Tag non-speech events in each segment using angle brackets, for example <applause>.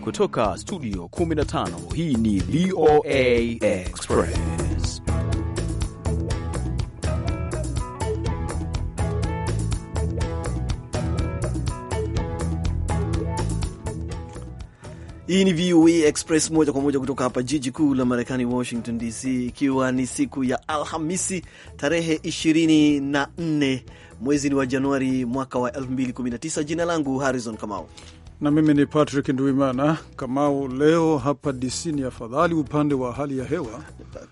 Kutoka studio 15 hii ni VOA Express. Hii ni VOA Express moja kwa moja kutoka hapa jiji kuu la Marekani, Washington DC, ikiwa ni siku ya Alhamisi tarehe 24 mwezi ni wa Januari mwaka wa 2019. Jina langu Harrison Kamau na mimi ni Patrick Nduimana. Kamau, leo hapa DC ni afadhali upande wa hali ya hewa,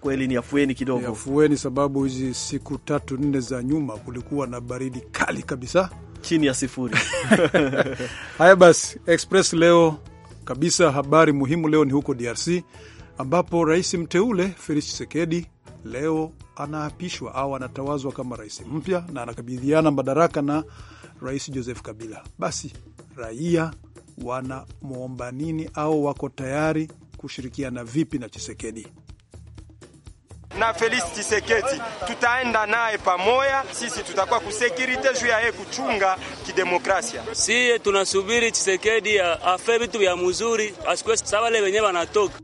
kweli ni afueni kidogo, ni afueni sababu hizi siku tatu nne za nyuma kulikuwa na baridi kali kabisa, chini ya sifuri. <laughs> Haya basi, Express leo kabisa, habari muhimu leo ni huko DRC ambapo rais mteule Felix Tshisekedi leo anaapishwa au anatawazwa kama rais mpya na anakabidhiana madaraka na rais Joseph Kabila. Basi raia wanamwomba nini au wako tayari kushirikiana vipi na Chisekedi na Felix Tshisekedi tutaenda naye pamoja. Sisi tutakuwa kusekirite juu ya yeye kuchunga kidemokrasia. Siye tunasubiri Tshisekedi afe vitu vya muzuri, asikuwe sabale wenyewe wanatoka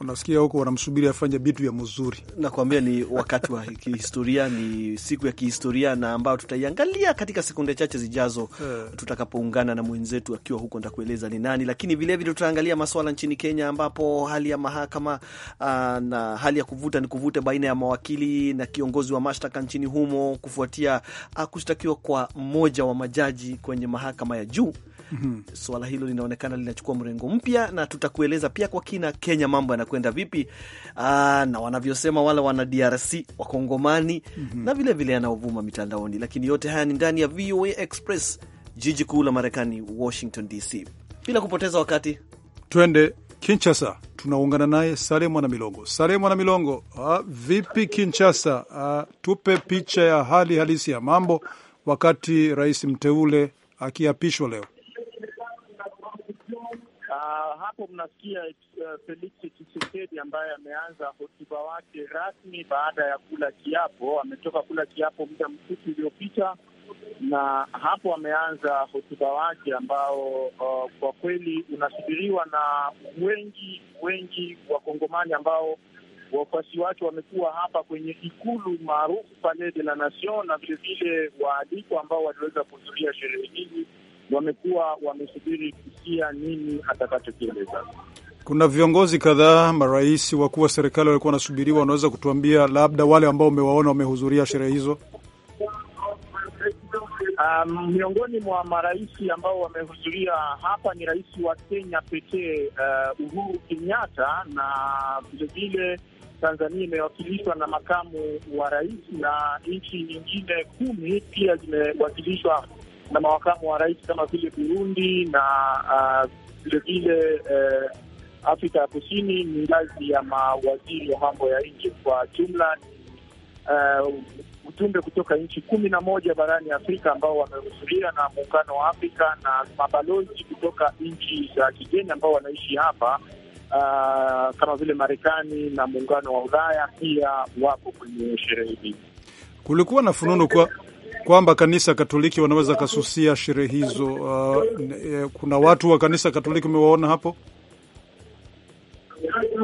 unasikia huko wanamsubiri afanye vitu vya mzuri. Nakwambia ni wakati wa kihistoria, ni siku ya kihistoria na ambayo tutaiangalia katika sekunde chache zijazo, yeah, tutakapoungana na mwenzetu akiwa huko, ndakueleza ni nani, lakini vilevile tutaangalia maswala nchini Kenya ambapo hali ya mahakama uh, na hali ya kuvuta ni kuvute baina ya mawakili na kiongozi wa mashtaka nchini humo kufuatia ah, kushtakiwa kwa mmoja wa majaji kwenye mahakama ya juu mm -hmm. Swala hilo linaonekana linachukua mrengo mpya, na tutakueleza pia kwa kina Kenya mambo yanakwenda vipi, aa, na wanavyosema wale wana DRC wakongomani mm -hmm. na vilevile yanaovuma mitandaoni, lakini yote haya ni ndani ya VOA Express, jiji kuu la Marekani, Washington DC. Bila kupoteza wakati, twende Kinchasa, tunaungana naye Sale Mwana Milongo. Sale Mwana Milongo, ah, vipi Kinchasa? Ah, tupe picha ya hali halisi ya mambo wakati rais mteule akiapishwa leo. Uh, hapo mnasikia uh, Felix Tshisekedi ambaye ameanza hotuba wake rasmi baada ya kula kiapo. Ametoka kula kiapo muda mfupi uliopita, na hapo ameanza hotuba wake ambao, uh, kwa kweli unasubiriwa na wengi wengi Wakongomani ambao wafuasi wake wamekuwa hapa kwenye ikulu maarufu Palais de la Nation na vilevile waalikwa ambao waliweza kuhudhuria sherehe hizi wamekuwa wamesubiri kusikia nini atakachokieleza. Kuna viongozi kadhaa, marais wakuu wa serikali walikuwa wanasubiriwa. Wanaweza kutuambia labda wale ambao umewaona wamehudhuria sherehe hizo? Um, miongoni mwa marais ambao wamehudhuria hapa ni rais wa Kenya pekee uh, Uhuru Kenyatta, na vilevile Tanzania imewakilishwa na makamu wa rais, na nchi nyingine kumi pia zimewakilishwa na mawakamu wa rais kama vile Burundi na vilevile uh, uh, Afrika ya Kusini. Ni ngazi ya mawaziri wa mambo ya nje. Kwa jumla ni uh, ujumbe kutoka nchi kumi na moja barani Afrika ambao wamehudhuria na muungano wa Afrika na mabalozi kutoka nchi za kigeni ambao wanaishi hapa uh, kama vile Marekani na muungano wa Ulaya pia wapo kwenye sherehe hii. Kulikuwa na fununu kwa kwamba kanisa Katoliki wanaweza kasusia sherehe hizo. Uh, eh, kuna watu wa kanisa Katoliki umewaona hapo?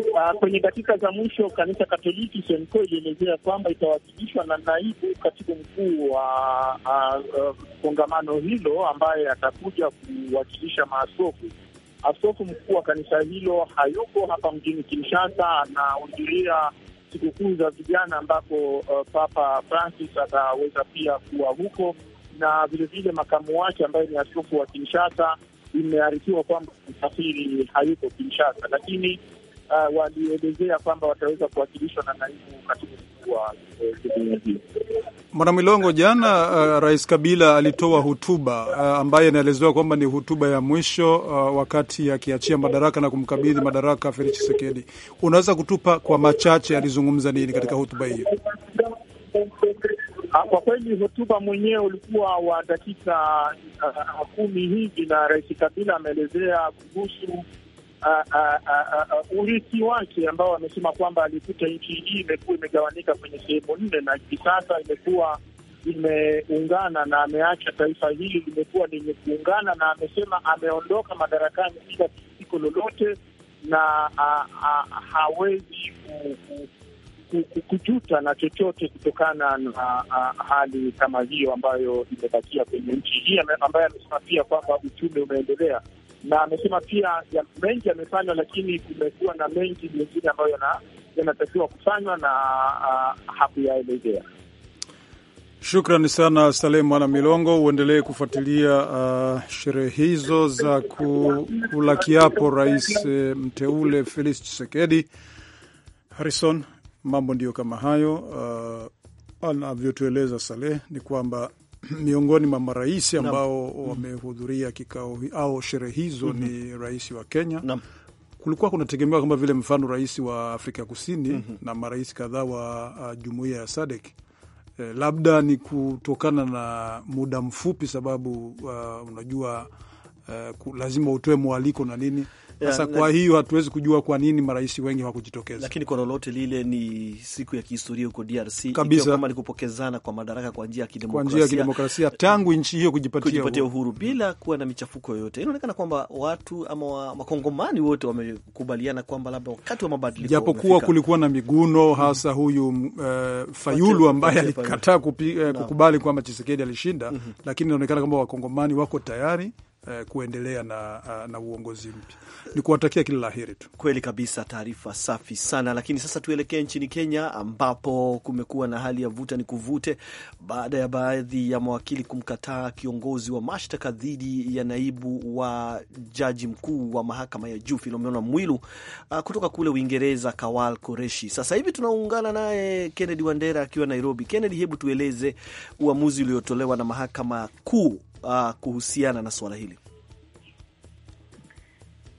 Uh, kwenye dakika za mwisho kanisa Katoliki Senko ilielezea kwamba itawakilishwa na naibu katibu mkuu wa uh, uh, kongamano hilo ambaye atakuja kuwakilisha maaskofu. Askofu mkuu wa kanisa hilo hayuko hapa mjini Kinshasa, anahudhuria sikukuu za vijana ambapo uh, Papa Francis ataweza pia kuwa huko, na vilevile makamu wake ambaye ni askofu wa Kinshasa, imearifiwa kwamba msafiri hayuko Kinshasa, lakini uh, walielezea kwamba wataweza kuwakilishwa na naibu katibu mkuu wa eh, Mwana Milongo. jana uh, Rais Kabila alitoa hotuba uh, ambaye inaelezewa kwamba ni hotuba ya mwisho uh, wakati akiachia madaraka na kumkabidhi madaraka Felix Tshisekedi. Unaweza kutupa kwa machache alizungumza nini katika hotuba hiyo? Ah, kwa kweli hotuba mwenyewe ulikuwa wa dakika uh, kumi hivi, na Rais Kabila ameelezea kuhusu urithi wake ambao amesema kwamba alikuta nchi hii imekuwa imegawanyika kwenye sehemu nne na hivi sasa imekuwa imeungana na ameacha taifa hili limekuwa lenye kuungana, na amesema ameondoka madarakani bila kisiko lolote na a, a, hawezi ku, ku, ku, ku, kujuta na chochote kutokana na a, hali kama hiyo ambayo imebakia kwenye nchi hii, ambaye amesema pia kwamba uchumi umeendelea na amesema pia ya mengi yamefanywa, lakini kumekuwa na mengi mengine ambayo yanatakiwa kufanywa na uh, hakuyaelezea. Shukrani sana Saleh Mwana Milongo, uendelee kufuatilia uh, sherehe hizo za kula kiapo rais e, mteule Felix Tshisekedi. Harrison, mambo ndiyo kama hayo uh, anavyotueleza Saleh ni kwamba miongoni mwa marais ambao mm. wamehudhuria kikao au sherehe hizo mm -hmm. ni rais wa Kenya no. Kulikuwa kunategemewa kama vile mfano rais wa Afrika Kusini mm -hmm. na marais kadhaa wa uh, jumuiya ya SADC eh, labda ni kutokana na muda mfupi, sababu uh, unajua uh, lazima utoe mwaliko na nini sasa kwa hiyo hatuwezi kujua kwa nini marais wengi hawakujitokeza, lakini kwa lolote lile ni siku ya kihistoria huko DRC kabisa, kama ni kwa madaraka kwa njia ya kidemokrasia, kwa njia ya kidemokrasia tangu nchi hiyo kujipatia, kujipatia uhuru, uhuru bila kuwa na michafuko yoyote. Inaonekana kwamba watu ama wakongomani wote wamekubaliana kwamba labda wakati wa mabadiliko, japokuwa kulikuwa na miguno hmm. hasa huyu uh, Fayulu ambaye alikataa uh, kukubali kwamba Chisekedi alishinda, mm -hmm. lakini inaonekana kwamba wakongomani wako tayari eh, kuendelea na, eh, na uongozi mpya. Ni kuwatakia kila laheri tu. Kweli kabisa, taarifa safi sana. Lakini sasa tuelekee nchini Kenya ambapo kumekuwa na hali ya vuta ni kuvute baada ya baadhi ya mawakili kumkataa kiongozi wa mashtaka dhidi ya naibu wa jaji mkuu wa mahakama ya juu Filomena Mwilu uh, kutoka kule Uingereza Kawal Koreshi. Sasa hivi tunaungana naye Kennedy Wandera akiwa Nairobi. Kennedy, hebu tueleze uamuzi uliotolewa na mahakama kuu uh, kuhusiana na suala hili?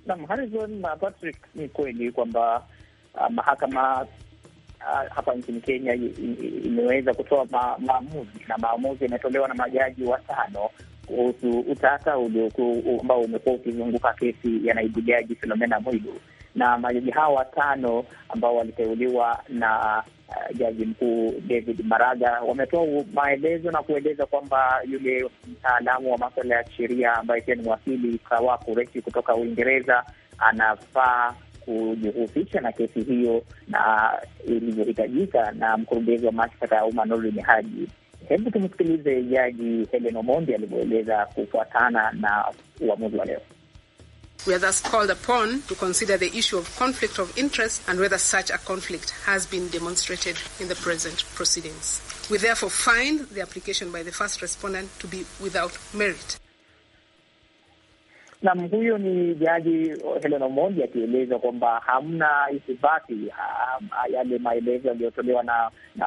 Naam, Harrison na uh, Patrick, ni kweli kwamba uh, mahakama uh, hapa nchini Kenya imeweza kutoa ma, maamuzi na maamuzi yametolewa na majaji watano kuhusu utata ambao umekuwa ukizunguka kesi ya naibu jaji Filomena Mwilu, na majaji hawa watano ambao waliteuliwa na Uh, jaji mkuu David Maraga wametoa maelezo na kueleza kwamba yule mtaalamu wa maswala ya sheria ambaye pia ni wakili Kawa Resi kutoka Uingereza anafaa kujihusisha na kesi hiyo na ilivyohitajika na mkurugenzi wa mashtaka ya umma Noordin Haji. Hebu tumsikilize Jaji Helen Omondi alivyoeleza kufuatana na uamuzi wa leo. We are thus called upon to consider the issue of conflict of interest and whether such a conflict has been demonstrated in the present proceedings. We therefore find the application by the first respondent to be without merit. Nam, huyo ni Jaji Helen Omondi akieleza kwamba hamna ithibati yale maelezo yaliyotolewa na, na,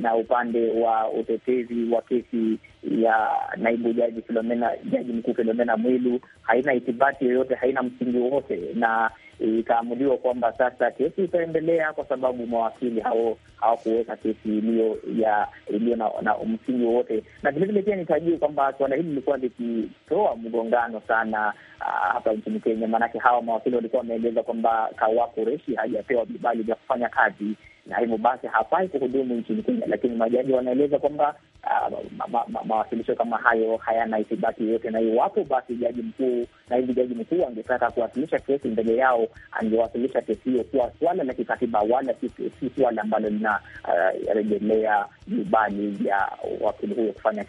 na upande wa utetezi wa kesi ya naibu jaji Filomena, jaji mkuu Filomena Mwilu haina ithibati yoyote, haina msingi wote na ikaamuliwa kwamba sasa kesi itaendelea kwa sababu mawakili hao hawakuweka kesi iliyo ya iliyo na, na msingi wowote. Na vilevile pia nitajuu kwamba suala hili lilikuwa likitoa mgongano sana ah, hapa nchini Kenya, maanake hawa mawakili walikuwa wameeleza kwamba Kawakoreshi hajapewa vibali vya kufanya kazi na hivyo basi hafai kuhudumu nchini Kenya, lakini majaji wanaeleza kwamba mawasilisho uh, ma, ma, kama hayo hayana ithibati yoyote, na iwapo basi jaji mkuu na hivi jaji mkuu angetaka kuwasilisha kesi mbele yao, angewasilisha kesi hiyo kuwa swala la kikatiba, wala si swala ambalo linarejelea uh, vibali ya wakili huyo kufanya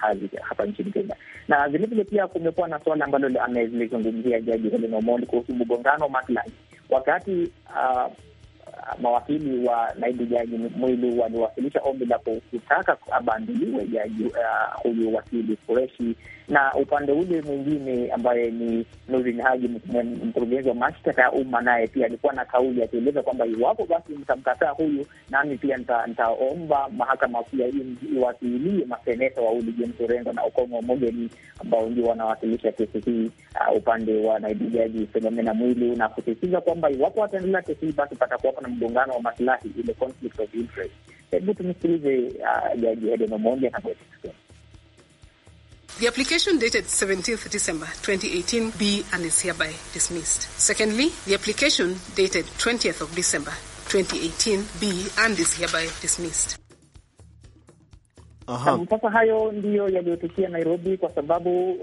kazi hapa nchini Kenya. Na vilevile pia kumekuwa na swala ambalo amelizungumzia jaji Helen Omondi kuhusu mgongano maslahi wakati uh, Ah, mawakili wa naibu jaji Mwilu waliwasilisha ombi la kutaka abandiliwe jaji uh, huyu wakili Kureshi na upande ule mwingine ambaye ni Nurdin Haji, mkurugenzi wa mashtaka ya umma, naye pia alikuwa na kauli akieleza kwamba iwapo basi mtamkataa huyu, nami pia nitaomba mahakama pia iwasiilie maseneta wawili, James Orengo na Okongo Omogeni, ambao ndio wanawakilisha kesi hii uh, upande wa naibu jaji Philomena Mwilu, na kusisitiza kwamba iwapo wataendelea kesi hii, basi patakuwapo na mgongano wa maslahi, ile conflict of interest. Hebu tumsikilize uh, jaji Edem Omondi The application dated 17th December 2018 be and is hereby dismissed. Secondly, the application dated 20th of December 2018 be and is hereby dismissed. Sasa hayo ndiyo yaliyotukia Nairobi kwa sababu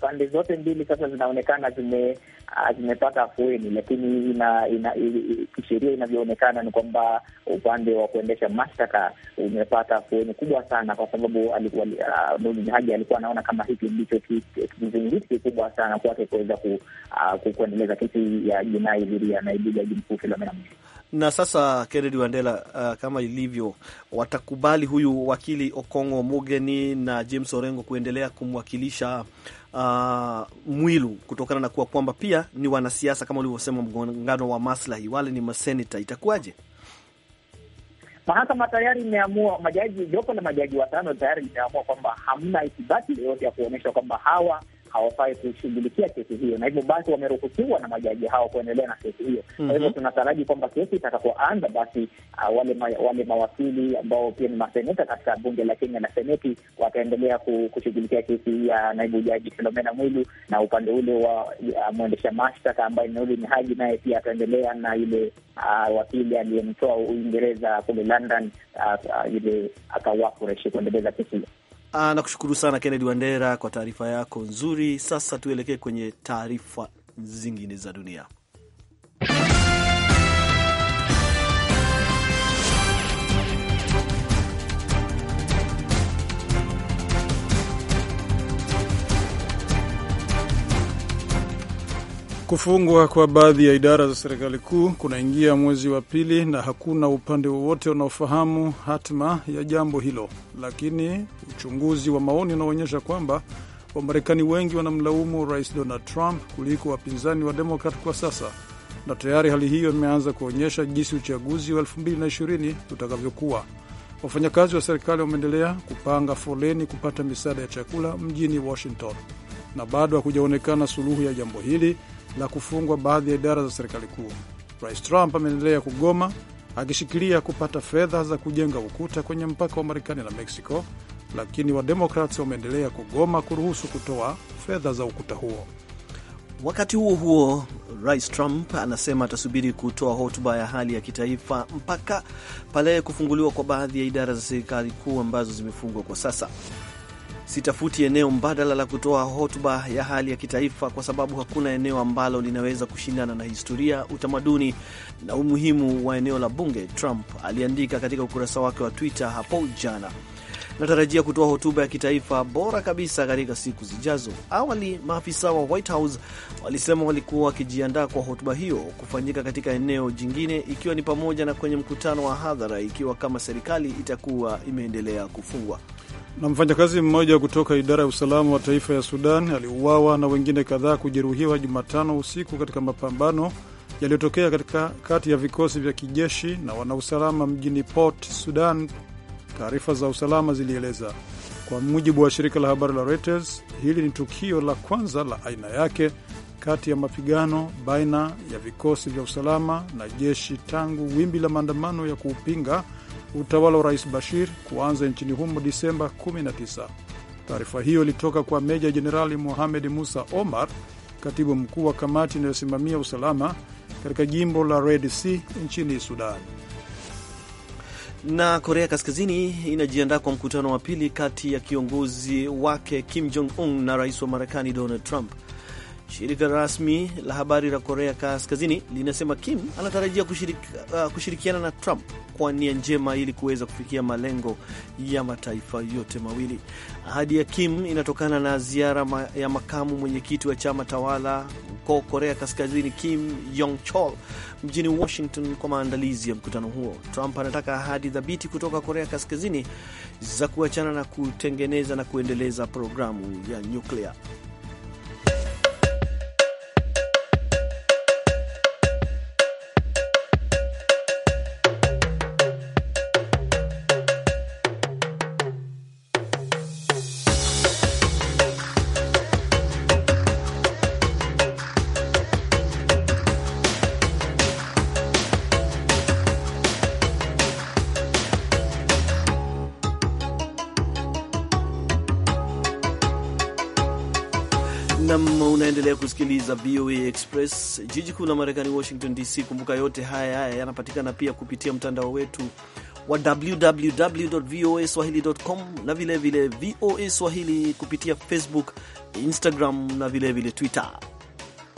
pande zote mbili sasa zinaonekana zime ah, zimepata afueni, lakini ina, ina, ina, kisheria inavyoonekana ni kwamba upande wa kuendesha mashtaka umepata afueni kubwa sana, kwa sababu ah, Haji alikuwa anaona kama hiki ndicho kizingiti kikubwa sana kwake kuweza ah, kuendeleza kesi ya jinai dhidi ya naibu jaji mkuu Filomena Mwilu. Na sasa Kennedy Wandela, uh, kama ilivyo, watakubali huyu wakili Okongo Mugeni na James Orengo kuendelea kumwakilisha Uh, Mwilu kutokana na kuwa kwamba pia ni wanasiasa kama ulivyosema, mgongano wa maslahi, wale ni maseneta, itakuwaje? Mahakama tayari imeamua, majaji, jopo la majaji watano tayari limeamua kwamba hamna ithibati yoyote ya kuonyesha kwamba hawa hawafai kushughulikia kesi hiyo, na hivyo basi wameruhusiwa na majaji hao kuendelea na kesi hiyo. Kwa mhm. hivyo tunataraji kwamba kesi itakapoanza basi, uh, wale, ma, wale mawakili ambao pia ni maseneta katika bunge la Kenya na seneti wataendelea kushughulikia kesi ya naibu jaji Filomena Mwilu, na upande ule wa uh, mwendesha mashtaka ambaye Noordin Haji naye pia ataendelea na ile uh, wakili aliyemtoa Uingereza kule London, uh, uh, yule uh, akawakureshi kuendeleza kesi hiyo. Ah, nakushukuru sana Kennedy Wandera kwa taarifa yako nzuri. Sasa tuelekee kwenye taarifa zingine za dunia. Kufungwa kwa baadhi ya idara za serikali kuu kunaingia mwezi wa pili na hakuna upande wowote unaofahamu hatima ya jambo hilo, lakini uchunguzi wa maoni unaonyesha kwamba Wamarekani wengi wanamlaumu Rais Donald Trump kuliko wapinzani wa Demokrat kwa sasa, na tayari hali hiyo imeanza kuonyesha jinsi uchaguzi wa 2020 utakavyokuwa. Wafanyakazi wa serikali wameendelea kupanga foleni kupata misaada ya chakula mjini Washington, na bado hakujaonekana suluhu ya jambo hili la kufungwa baadhi ya idara za serikali kuu. Rais Trump ameendelea kugoma akishikilia kupata fedha za kujenga ukuta kwenye mpaka wa Marekani na Meksiko, lakini wademokrat wameendelea kugoma kuruhusu kutoa fedha za ukuta huo. Wakati huo huo, Rais Trump anasema atasubiri kutoa hotuba ya hali ya kitaifa mpaka pale kufunguliwa kwa baadhi ya idara za serikali kuu ambazo zimefungwa kwa sasa sitafuti eneo mbadala la kutoa hotuba ya hali ya kitaifa, kwa sababu hakuna eneo ambalo linaweza kushindana na historia, utamaduni na umuhimu wa eneo la bunge, Trump aliandika katika ukurasa wake wa Twitter hapo jana. Natarajia kutoa hotuba ya kitaifa bora kabisa katika siku zijazo. Awali maafisa wa White House walisema walikuwa wakijiandaa kwa hotuba hiyo kufanyika katika eneo jingine, ikiwa ni pamoja na kwenye mkutano wa hadhara, ikiwa kama serikali itakuwa imeendelea kufungwa. Na mfanyakazi mmoja kutoka idara ya usalama wa taifa ya Sudan aliuawa na wengine kadhaa kujeruhiwa Jumatano usiku katika mapambano yaliyotokea katika kati ya vikosi vya kijeshi na wanausalama mjini Port Sudan, taarifa za usalama zilieleza. Kwa mujibu wa shirika la habari la Reuters, hili ni tukio la kwanza la aina yake kati ya mapigano baina ya vikosi vya usalama na jeshi tangu wimbi la maandamano ya kuupinga utawala wa Rais Bashir kuanza nchini humo Disemba 19. Taarifa hiyo ilitoka kwa Meja Jenerali Mohamed Musa Omar, katibu mkuu wa kamati inayosimamia usalama katika jimbo la Red Sea nchini Sudan. Na Korea Kaskazini inajiandaa kwa mkutano wa pili kati ya kiongozi wake Kim Jong Un na rais wa Marekani Donald Trump. Shirika rasmi la habari la Korea Kaskazini linasema Kim anatarajia kushirik, uh, kushirikiana na Trump kwa nia njema ili kuweza kufikia malengo ya mataifa yote mawili. Ahadi ya Kim inatokana na ziara ma, ya makamu mwenyekiti wa chama tawala huko Korea Kaskazini Kim Yong Chol mjini Washington kwa maandalizi ya mkutano huo. Trump anataka ahadi thabiti kutoka Korea Kaskazini za kuachana na kutengeneza na kuendeleza programu ya nyuklia. Express, jiji kuu la Marekani, Washington DC. Kumbuka yote haya haya yanapatikana pia kupitia mtandao wetu wa www voa swahili.com na vilevile VOA Swahili kupitia Facebook, Instagram na vilevile Twitter.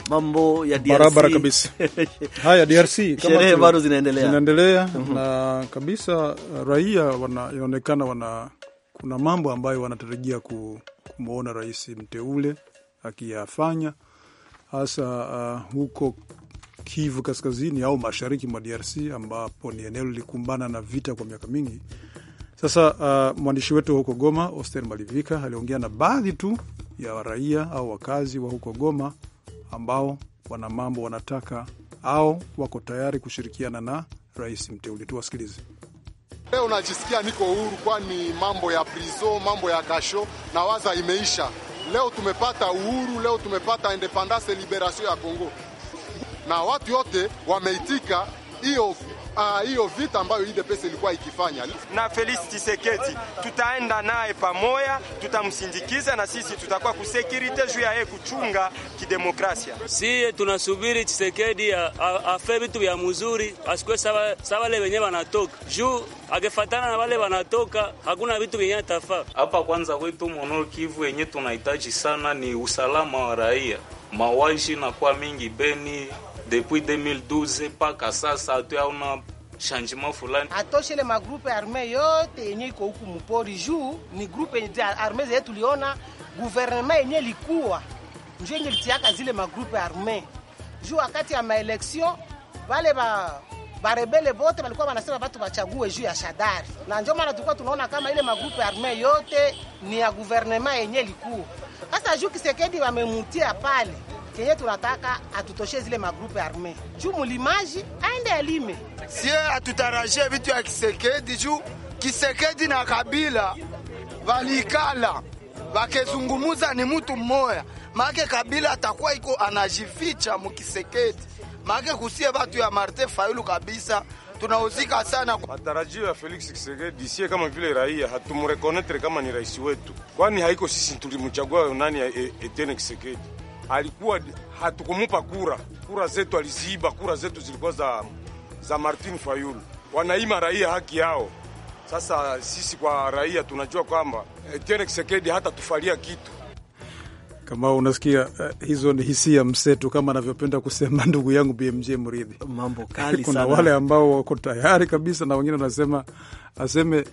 Mambo ya DRC barabara kabisa. <laughs> Haya, DRC sherehe bado zinaendelea, zinaendelea mm -hmm. na kabisa uh, raia wanaonekana wana, kuna mambo ambayo wanatarajia kumwona rais mteule akiyafanya hasa uh, huko Kivu kaskazini au mashariki mwa DRC ambapo ni eneo lilikumbana na vita kwa miaka mingi sasa. Uh, mwandishi wetu wa huko Goma Oster Malivika aliongea na baadhi tu ya raia au wakazi wa huko Goma ambao wana mambo wanataka au wako tayari kushirikiana na rais mteule. Tuwasikilize. Leo najisikia niko uhuru kwani mambo ya prizo, mambo ya kasho na waza imeisha Leo tumepata uhuru, leo tumepata independence liberation ya Kongo, na watu yote wameitika hiyo Ah, hiyo vita ambayo UDPS ilikuwa ikifanya. Na Felix Tshisekedi tutaenda naye pamoja, tutamsindikiza na sisi tutakuwa kusekirite juu ya yeye kuchunga kidemokrasia. Sie tunasubiri Tshisekedi afe vitu vya mzuri, asikwe sawa sawa le wenyewe wanatoka juu, agefatana na wale wanatoka, hakuna vitu vyenye atafa hapa. Kwanza kwetu mono Kivu yenye tunahitaji sana ni usalama wa raia, mawaji na kwa mingi Beni depuis 2012 mpaka sasa hatuyaona changement fulani. Atoshe ile magrupe arme yote yenye iko huku mpori juu ni grupe arme zetu tuliona guvernema yenye likuwa njo yenye litiaka zile magrupe arme juu wakati ya maeleksio wale ba barebele bote walikuwa wanasema watu wachague juu ya Shadari, na ndio maana tulikuwa tunaona kama ile magrupe arme yote ni ya guvernema yenye likuwa. Sasa juu Kisekedi wamemutia pale kenye tunataka atutoshe zile magrupe arme juu mulimaji aende alime, sie atutarajie vitu ya Kisekedi juu Kisekedi na Kabila valikala wakezungumuza ni mutu mmoya, make Kabila atakuwa iko anajificha mukisekedi, make kusie vatu ya Martin Fayulu kabisa tunauzika sana matarajio ya Felix Tshisekedi sie kama vile raia hatumrekonetre kama ni rais wetu, kwani haiko sisi tulimchagua nani? E- Etene Tshisekedi alikuwa hatukumupa kura, kura zetu aliziiba, kura zetu zilikuwa za, za Martin Fayulu. Wanaima raia haki yao. Sasa sisi kwa raia tunajua kwamba Etienne eh, Tshisekedi hata tufalia kitu kama unasikia uh, hizo ni hisia mseto kama anavyopenda kusema <laughs> ndugu yangu BMJ Mridhi. Mambo kali sana. Kuna wale ambao wako tayari kabisa na wengine wanasema aseme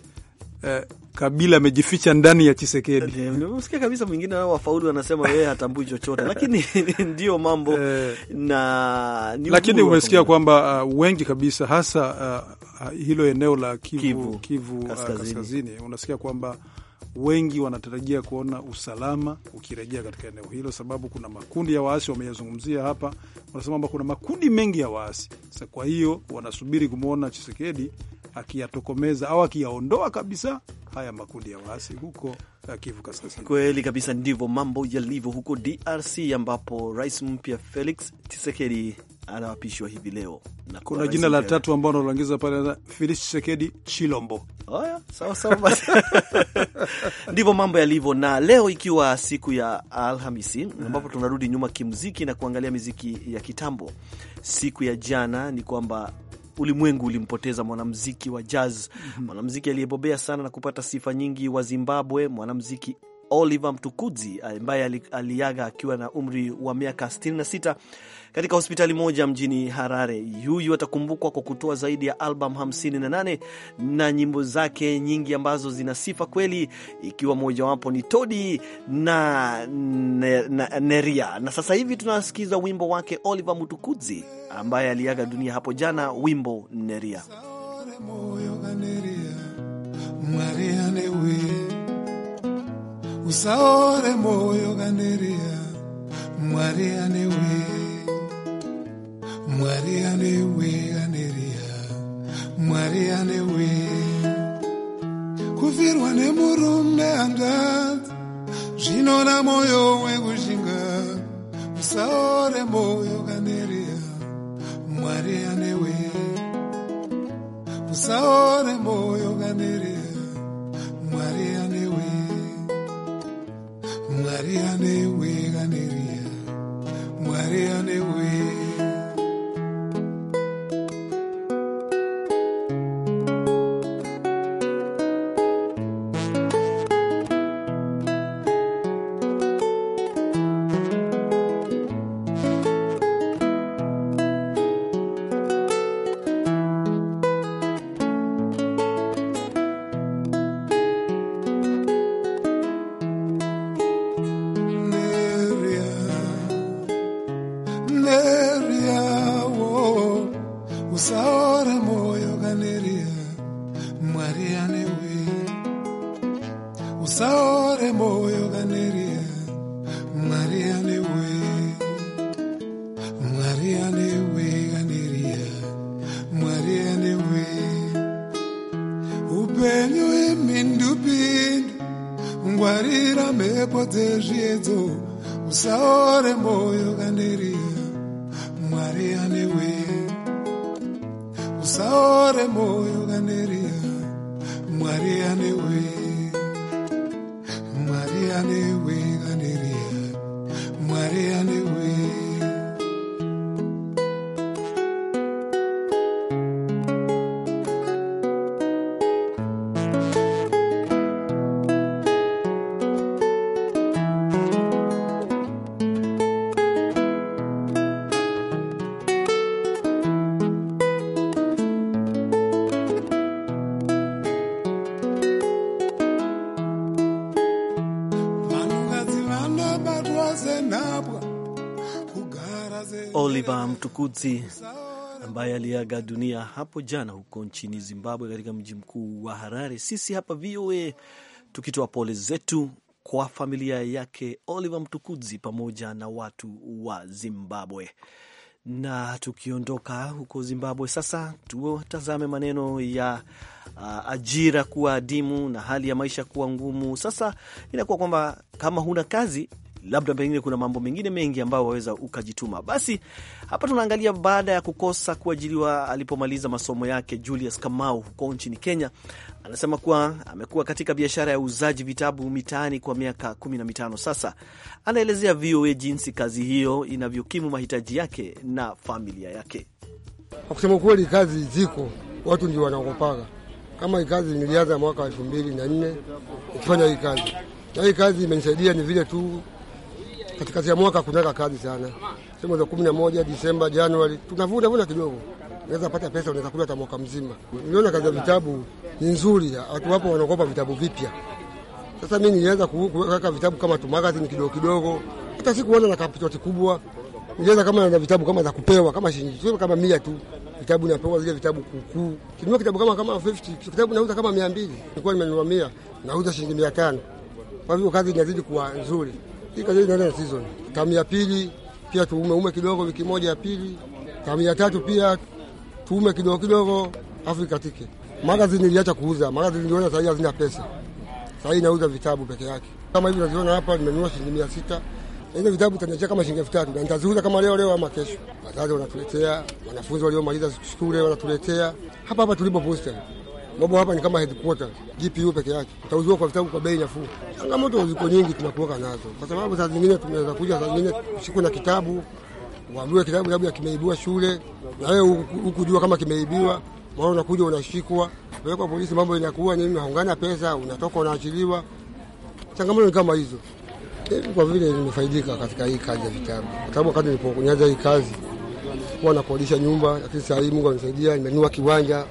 Eh, Kabila amejificha ndani ya Chisekedi. Eh, nimemsikia kabisa. Mwingine wao wafaulu wanasema yeye hatambui chochote, <laughs> lakini <laughs> ndio mambo eh. na lakini umesikia kwamba uh, wengi kabisa hasa uh, uh, hilo eneo la Kivu, Kivu, Kivu uh, kaskazini. Uh, kaskazini unasikia kwamba wengi wanatarajia kuona usalama ukirejea katika eneo hilo, sababu kuna makundi ya waasi wameyazungumzia hapa, wanasema kwamba kuna makundi mengi ya waasi sasa. Kwa hiyo wanasubiri kumwona Chisekedi akiyatokomeza au akiyaondoa kabisa haya makundi ya waasi huko eh, Kivu Kaskazini. Kweli kabisa, ndivyo mambo yalivyo huko DRC ambapo rais mpya Felix Tshisekedi anaapishwa hivi leo na kuna jina la tatu ambao analoangiza pale Felix Tshisekedi Chilombo. sawa sawa basi. <laughs> Ndivyo mambo yalivyo, na leo ikiwa siku ya Alhamisi hmm. ambapo tunarudi nyuma kimuziki na kuangalia miziki ya kitambo. Siku ya jana ni kwamba ulimwengu ulimpoteza mwanamziki wa jazz, mhm. mwanamziki aliyebobea sana na kupata sifa nyingi wa Zimbabwe, mwanamziki Oliver Mtukudzi ambaye aliaga akiwa na umri wa miaka 66 katika hospitali moja mjini Harare. Huyu atakumbukwa kwa kutoa zaidi ya albamu 58 na nyimbo zake nyingi ambazo zina sifa kweli, ikiwa mojawapo ni Todi na, na, na Neria. Na sasa hivi tunasikiza wimbo wake Oliver Mutukudzi ambaye aliaga dunia hapo jana, wimbo Neria. usaore moyo ganderia mwarianewe mwari anewe aneriya mwari anewe kufirwa nemurume hanzvadzi zvinona mwoyo wekuzhinga musaore mwoyo kaneriya mwari anewe musaore mwoyo kaneriya mwari anewe mwari anewe ndingwarira mhepo dzezviedzo usaore mwoyo kanderiya mwari anewe usaore mwoyo kanderiya mwari anewe mwari anewe Kutsi ambaye aliaga dunia hapo jana huko nchini Zimbabwe, katika mji mkuu wa Harare. Sisi hapa VOA tukitoa pole zetu kwa familia yake Oliver Mtukudzi pamoja na watu wa Zimbabwe. Na tukiondoka huko Zimbabwe sasa, tutazame maneno ya uh, ajira kuwa adimu na hali ya maisha kuwa ngumu. Sasa inakuwa kwamba kama huna kazi labda pengine kuna mambo mengine mengi ambayo waweza ukajituma. Basi hapa tunaangalia baada ya kukosa kuajiriwa alipomaliza masomo yake, Julius Kamau huko nchini Kenya anasema kuwa amekuwa katika biashara ya uuzaji vitabu mitaani kwa miaka kumi na mitano sasa. Anaelezea VOA jinsi kazi hiyo inavyokimu mahitaji yake na familia yake. Kwa kusema kweli, kazi ziko, watu ndio wanaokopaga kama hii kazi nilianza mwaka wa elfu mbili na nne ikifanya hii kazi, na hii kazi imenisaidia ni vile tu katikati ya mwaka kunaka kazi sana, sio mwezi wa kumi na moja Disemba, Januari tunavuna vuna kidogo, unaweza pata pesa, unaweza kula hata mwaka mzima. Niliona kazi ya vitabu ni nzuri, watu wapo wanaokopa vitabu vipya. Sasa mi nilianza kuweka vitabu kama tu magazini kidogo kidogo, hata sikuona na kapitoti kubwa. Nilianza kama na vitabu kama za kupewa kama shilingi kama mia tu vitabu napewa zile vitabu kukuu, kinunua kitabu kama kama 50 kitabu nauza kama mia mbili, nilikuwa nimenunua mia nauza shilingi mia tano. Kwa hivyo kazi inazidi kuwa nzuri. Hii kazi inaenda season. Tamu ya pili pia tuumeume kidogo, wiki moja ya pili. Tamu ya tatu pia tuume kidogo kidogo, afu ikatike. Magazini niliacha kuuza magazini, niliona sahii hazina pesa. Sahii nauza vitabu peke yake, kama hivi unaziona hapa, nimenunua shilingi mia sita hizo vitabu taniachia kama shilingi elfu tatu na nitaziuza kama leo leo ama kesho. Wazazi wanatuletea, wanafunzi waliomaliza shule wanatuletea hapa hapa tulipo posta sababu hapa ni kama headquarter GPU peke yake, utauziwa kwa vitabu kwa bei nafuu. Changamoto ziko nyingi tunakuweka nazo, kwa sababu saa zingine tunaweza kuja, saa zingine usiku na kitabu uambiwe kitabu labda kimeibiwa shule, na wewe hukujua kama kimeibiwa, maana unakuja unashikwa, pelekwa polisi, mambo inakuwa nini, unaongana pesa, unatoka unaachiliwa. Changamoto ni kama hizo. Kwa vile nimefaidika katika hii kazi ya vitabu, kwa sababu wakati nilipoanza hii kazi kuwa nakodisha nyumba, lakini saa hii Mungu amenisaidia, nimenua kiwanja,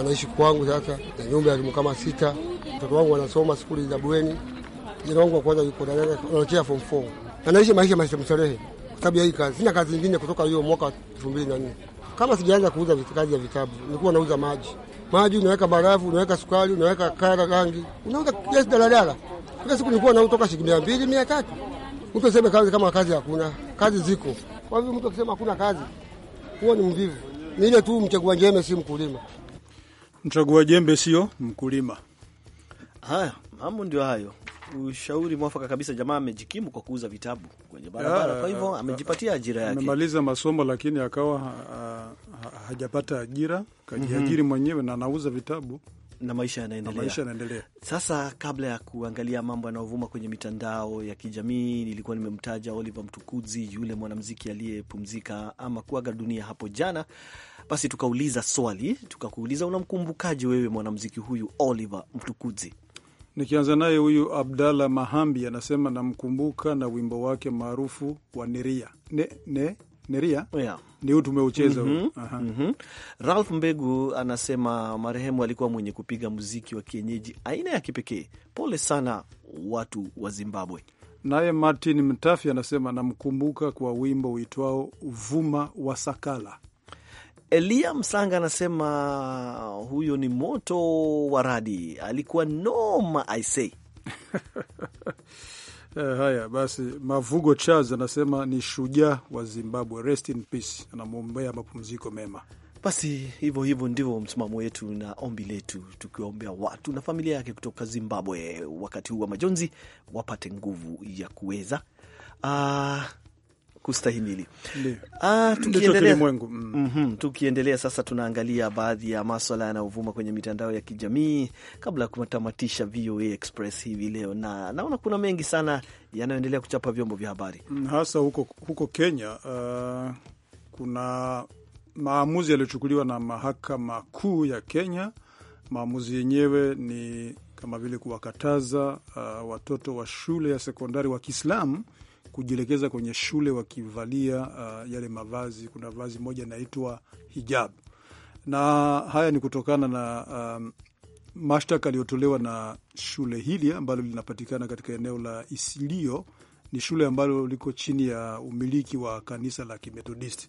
anaishi kwangu sasa na nyumba ya rumu kama sita. Watoto wangu wanasoma skuli za bweni. Jina wangu wa kwanza yuko darasa anachea form 4 anaishi maisha maisha msarehe, kwa sababu ya hii kazi. Sina kazi nyingine kutoka hiyo mwaka 2004 kama sijaanza kuuza kazi ya vitabu, nilikuwa nauza maji maji, unaweka barafu, unaweka sukari, unaweka kara rangi, unaweka gesi daladala. Kila siku nilikuwa nautoka shilingi mia mbili mia tatu. Mtu aseme kazi kama kazi hakuna. Kazi ziko. Kwa hivyo mtu akisema hakuna kazi, kuwa ni mvivu. Ni tu mchagua jembe, si mkulima. Mchagua jembe sio mkulima. Haya mambo ndio hayo. Ushauri mwafaka kabisa. Jamaa amejikimu kwa kuuza vitabu kwenye barabara, kwa hivyo ah, amejipatia ajira yake. Amemaliza masomo lakini akawa ah, ah, hajapata ajira, kajiajiri mhm. mwenyewe na anauza vitabu na maisha yanaendelea, maisha yanaendelea. Sasa kabla ya kuangalia mambo yanayovuma kwenye mitandao ya kijamii, nilikuwa nimemtaja Oliver Mtukudzi, yule mwanamuziki aliyepumzika ama kuaga dunia hapo jana. Basi tukauliza swali, tukakuuliza unamkumbukaje wewe mwanamuziki huyu Oliver Mtukudzi? Nikianza naye huyu Abdalla Mahambi anasema namkumbuka na wimbo wake maarufu wa Neria ne, ne, Neria yeah. Ni huu tumeucheza mm -hmm. mm -hmm. Ralph Mbegu anasema marehemu alikuwa mwenye kupiga muziki wa kienyeji aina ya kipekee. Pole sana watu wa Zimbabwe. Naye Martin Mtafi anasema namkumbuka kwa wimbo uitwao Vuma wa sakala Elia Msanga anasema huyo ni moto wa radi, alikuwa noma aisei <laughs> Eh, haya basi, Mavugo Charles anasema ni shujaa wa Zimbabwe, rest in peace, anamwombea mapumziko mema. Basi hivyo hivyo ndivyo msimamo wetu na ombi letu, tukiwaombea watu na familia yake kutoka Zimbabwe wakati huu wa majonzi, wapate nguvu ya kuweza ah, kustahimili. Ah, tukiendelea mm -hmm, tukiendelea sasa, tunaangalia baadhi ya maswala yanayovuma kwenye mitandao ya kijamii kabla ya kutamatisha VOA Express hivi leo, na naona kuna mengi sana yanayoendelea kuchapa vyombo vya habari mm, hasa huko, huko Kenya. Uh, kuna maamuzi yaliyochukuliwa na mahakama kuu ya Kenya. Maamuzi yenyewe ni kama vile kuwakataza uh, watoto wa shule ya sekondari wa Kiislamu kujielekeza kwenye shule wakivalia uh, yale mavazi. Kuna vazi moja inaitwa hijab, na haya ni kutokana na um, mashtaka aliyotolewa na shule hili ambalo linapatikana katika eneo la Isilio. Ni shule ambalo liko chini ya umiliki wa kanisa la Kimethodisti,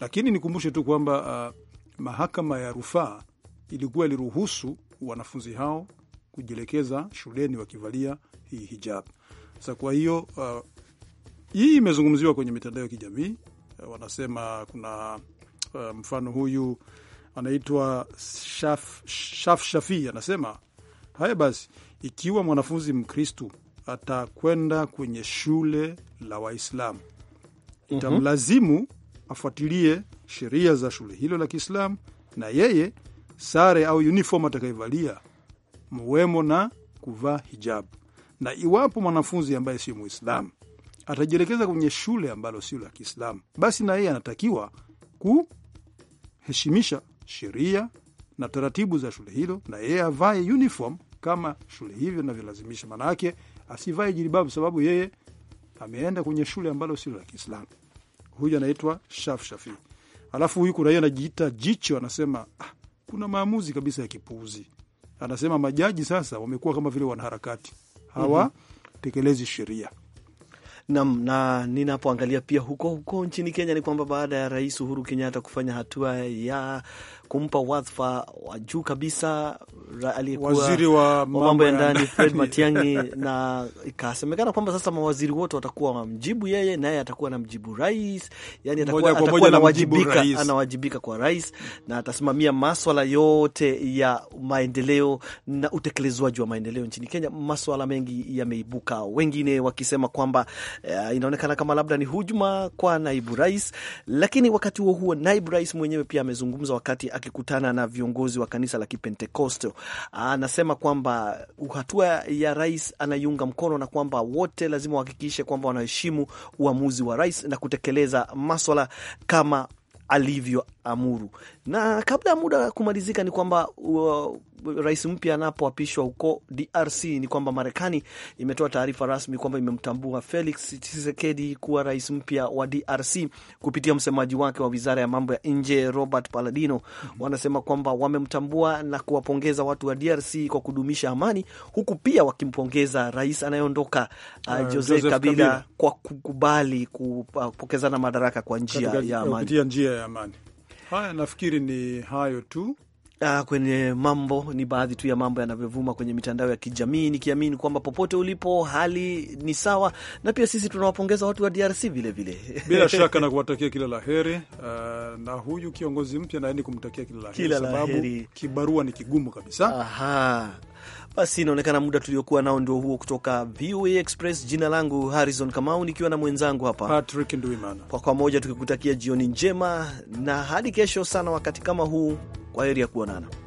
lakini nikumbushe tu kwamba uh, mahakama ya rufaa ilikuwa iliruhusu wanafunzi hao kujielekeza shuleni wakivalia hii hijab. Sasa kwa hiyo uh, hii imezungumziwa kwenye mitandao ya kijamii, eh, wanasema kuna uh, mfano huyu anaitwa Shaf, Shaf Shafii anasema haya basi, ikiwa mwanafunzi Mkristu atakwenda kwenye shule la Waislamu mhm. itamlazimu afuatilie sheria za shule hilo la Kiislamu, na yeye sare au uniform atakaevalia muwemo na kuvaa hijabu. Na iwapo mwanafunzi ambaye sio Mwislamu atajielekeza kwenye shule ambalo sio la Kiislamu, basi na yeye anatakiwa kuheshimisha sheria na taratibu za shule hilo, na yeye avae uniform kama shule hivyo inavyolazimisha. Maana yake asivae jilibabu, sababu yeye ameenda kwenye shule ambalo sio la Kiislamu. Huyu anaitwa Shaf Shafi. Alafu huyu kuna yeye anajiita jicho, anasema ah, kuna maamuzi kabisa ya kipuuzi. Anasema majaji sasa wamekuwa kama vile wanaharakati, hawatekelezi sheria. Nam na, na ninapoangalia pia huko huko nchini Kenya ni kwamba baada ya Rais Uhuru Kenyatta kufanya hatua ya kumpa wadhifa wa juu kabisa aliyekuwa waziri wa mambo ya ndani Fred <laughs> Matiang'i, na ikasemekana kwamba sasa mawaziri wote watakuwa wamjibu yeye, naye atakuwa na mjibu rais, yani atakuwa, atakuwa rais. anawajibika kwa rais na atasimamia maswala yote ya maendeleo na utekelezwaji wa maendeleo nchini Kenya. Maswala mengi yameibuka, wengine wakisema kwamba uh, inaonekana kama labda ni hujuma kwa naibu rais, lakini wakati huo huo naibu rais mwenyewe pia amezungumza wakati akikutana na viongozi wa kanisa la Kipentekoste anasema kwamba hatua ya rais anaiunga mkono na kwamba wote lazima wahakikishe kwamba wanaheshimu uamuzi wa rais na kutekeleza maswala kama alivyoamuru. Na kabla ya muda kumalizika, ni kwamba uh, rais mpya anapoapishwa huko DRC ni kwamba Marekani imetoa taarifa rasmi kwamba imemtambua Felix Tshisekedi kuwa rais mpya wa DRC kupitia msemaji wake wa wizara ya mambo ya nje Robert Paladino. Wanasema kwamba wamemtambua na kuwapongeza watu wa DRC kwa kudumisha amani, huku pia wakimpongeza rais anayeondoka uh, uh, Joseph Kabila kwa kukubali kupokezana madaraka kwa njia ya amani. Haya, nafikiri ni hayo tu Uh, kwenye mambo ni baadhi tu ya mambo yanavyovuma kwenye mitandao ya kijamii, nikiamini kwamba popote ulipo hali ni sawa, na pia sisi tunawapongeza watu wa DRC vilevile vile. <laughs> bila shaka na <laughs> kuwatakia kila la heri uh, na huyu kiongozi mpya naendi kumtakia kila la heri, sababu kibarua ni kigumu kabisa. Aha. Basi inaonekana muda tuliokuwa nao ndio huo, kutoka VOA Express. Jina langu Harrison Kamau, nikiwa na mwenzangu hapa Patrick Nduimana, kwa pamoja tukikutakia jioni njema na hadi kesho sana wakati kama huu. Kwa heri ya kuonana.